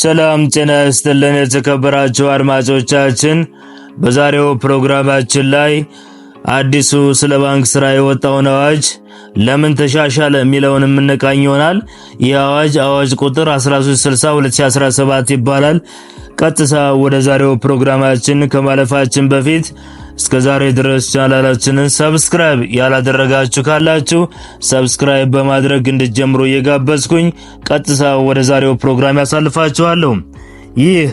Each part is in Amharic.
ሰላም ጤና ይስጥልን። የተከበራችሁ አድማጮቻችን በዛሬው ፕሮግራማችን ላይ አዲሱ ስለ ባንክ ስራ የወጣውን አዋጅ ለምን ተሻሻለ የሚለውን የምንቃኝ ይሆናል። ይህ አዋጅ አዋጅ ቁጥር 1360/2017 ይባላል። ቀጥታ ወደ ዛሬው ፕሮግራማችን ከማለፋችን በፊት እስከ ዛሬ ድረስ ቻናላችንን ሰብስክራይብ ያላደረጋችሁ ካላችሁ ሰብስክራይብ በማድረግ እንድትጀምሩ እየጋበዝኩኝ ቀጥታ ወደ ዛሬው ፕሮግራም ያሳልፋችኋለሁ። ይህ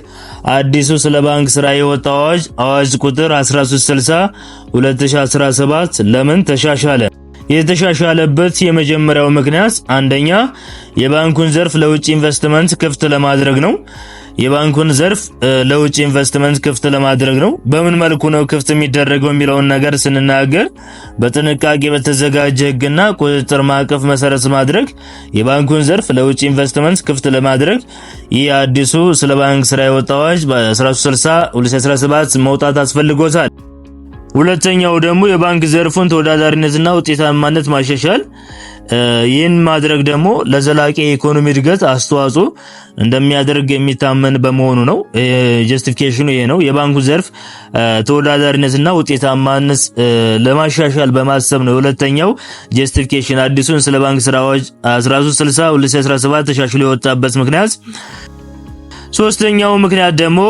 አዲሱ ስለ ባንክ ስራ የወጣ አዋጅ አዋጅ ቁጥር 1360 2017 ለምን ተሻሻለ? የተሻሻለበት የመጀመሪያው ምክንያት አንደኛ የባንኩን ዘርፍ ለውጭ ኢንቨስትመንት ክፍት ለማድረግ ነው። የባንኩን ዘርፍ ለውጭ ኢንቨስትመንት ክፍት ለማድረግ ነው። በምን መልኩ ነው ክፍት የሚደረገው የሚለውን ነገር ስንናገር በጥንቃቄ በተዘጋጀ ሕግና ቁጥጥር ማዕቀፍ መሰረት ማድረግ የባንኩን ዘርፍ ለውጭ ኢንቨስትመንት ክፍት ለማድረግ ይህ አዲሱ ስለ ባንክ ስራ የወጣው አዋጅ በ1360 2017 መውጣት አስፈልጎታል። ሁለተኛው ደግሞ የባንክ ዘርፉን ተወዳዳሪነትና ውጤታማነት ማሻሻል ይህን ማድረግ ደግሞ ለዘላቂ የኢኮኖሚ እድገት አስተዋጽኦ እንደሚያደርግ የሚታመን በመሆኑ ነው። ጀስቲፊኬሽኑ ይሄ ነው። የባንኩ ዘርፍ ተወዳዳሪነትና ውጤታማነት ለማሻሻል በማሰብ ነው። ሁለተኛው ጀስቲፊኬሽን አዲሱን ስለ ባንክ ስራ አዋጅ 1360 2017 ተሻሽሎ የወጣበት ምክንያት ሶስተኛው ምክንያት ደግሞ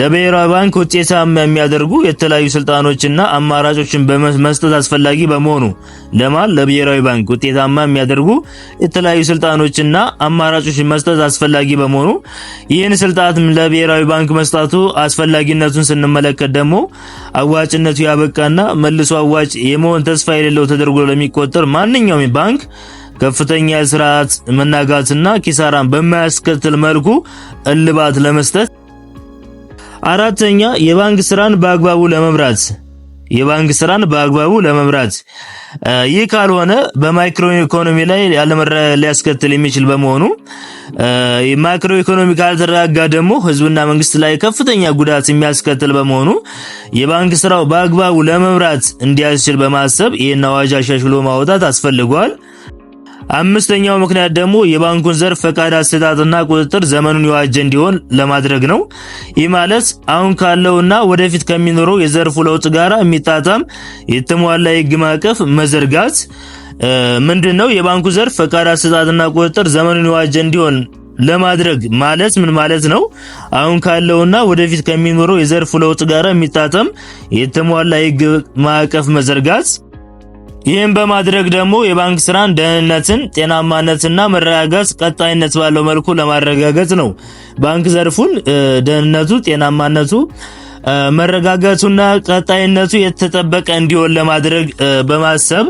ለብሔራዊ ባንክ ውጤታማ የሚያደርጉ የተለያዩ ስልጣኖችና አማራጮችን በመስጠት አስፈላጊ በመሆኑ ለማል ለብሔራዊ ባንክ ውጤታማ የሚያደርጉ የተለያዩ ስልጣኖችና አማራጮችን መስጠት አስፈላጊ በመሆኑ ይህን ስልጣን ለብሔራዊ ባንክ መስጣቱ አስፈላጊነቱን ስንመለከት ደግሞ አዋጭነቱ ያበቃና መልሶ አዋጭ የመሆን ተስፋ የሌለው ተደርጎ ለሚቆጠር ማንኛውም ባንክ ከፍተኛ የስርዓት መናጋትና ኪሳራን በማያስከትል መልኩ እልባት ለመስጠት አራተኛ የባንክ ስራን በአግባቡ ለመምራት የባንክ ስራን በአግባቡ ለመምራት ይህ ካልሆነ በማይክሮ ኢኮኖሚ ላይ ያለመረ ሊያስከትል የሚችል በመሆኑ ማይክሮ ኢኮኖሚ ካልተረጋጋ ደግሞ ህዝብና መንግስት ላይ ከፍተኛ ጉዳት የሚያስከትል በመሆኑ የባንክ ስራው በአግባቡ ለመምራት እንዲያስችል በማሰብ ይህን አዋጅ አሻሽሎ ማውጣት አስፈልጓል። አምስተኛው ምክንያት ደግሞ የባንኩን ዘርፍ ፈቃድ አሰጣጥና ቁጥጥር ዘመኑን የዋጀ እንዲሆን ለማድረግ ነው። ይህ ማለት አሁን ካለውና ወደፊት ከሚኖረው የዘርፉ ለውጥ ጋር የሚጣጣም የተሟላ የህግ ማዕቀፍ መዘርጋት። ምንድን ነው የባንኩ ዘርፍ ፈቃድ አሰጣጥና ቁጥጥር ዘመኑን የዋጀ እንዲሆን ለማድረግ ማለት ምን ማለት ነው? አሁን ካለውና ወደፊት ከሚኖረው የዘርፉ ለውጥ ጋር የሚጣጣም የተሟላ የህግ ማዕቀፍ መዘርጋት ይህም በማድረግ ደግሞ የባንክ ስራን ደህንነትን፣ ጤናማነትና መረጋጋት ቀጣይነት ባለው መልኩ ለማረጋገጥ ነው። ባንክ ዘርፉን ደህንነቱ፣ ጤናማነቱ መረጋጋቱና ቀጣይነቱ የተጠበቀ እንዲሆን ለማድረግ በማሰብ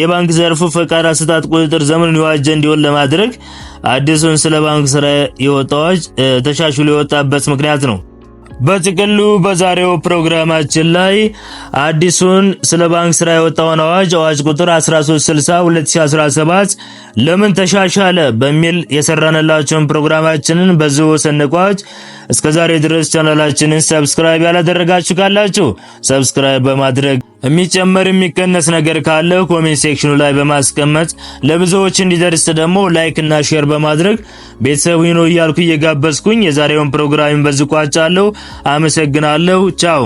የባንክ ዘርፉ ፈቃድ አሰጣጥ ቁጥጥር ዘመኑን የዋጀ እንዲሆን ለማድረግ አዲሱን ስለ ባንክ ስራ የወጣ አዋጅ ተሻሽሎ የወጣበት ምክንያት ነው። በጥቅሉ በዛሬው ፕሮግራማችን ላይ አዲሱን ስለ ባንክ ስራ የወጣውን አዋጅ አዋጅ ቁጥር 1360/2017 ለምን ተሻሻለ በሚል የሰራንላችሁን ፕሮግራማችንን በዚሁ ሰንቋች እስከዛሬ ድረስ ቻናላችንን ሰብስክራይብ ያላደረጋችሁ ካላችሁ ሰብስክራይብ በማድረግ የሚጨመር የሚቀነስ ነገር ካለ ኮሜንት ሴክሽኑ ላይ በማስቀመጥ ለብዙዎች እንዲደርስ ደግሞ ላይክ እና ሼር በማድረግ ቤተሰብ ሁኑ እያልኩ እየጋበዝኩኝ የዛሬውን ፕሮግራም በዚህ ቋጫለሁ። አመሰግናለሁ። ቻው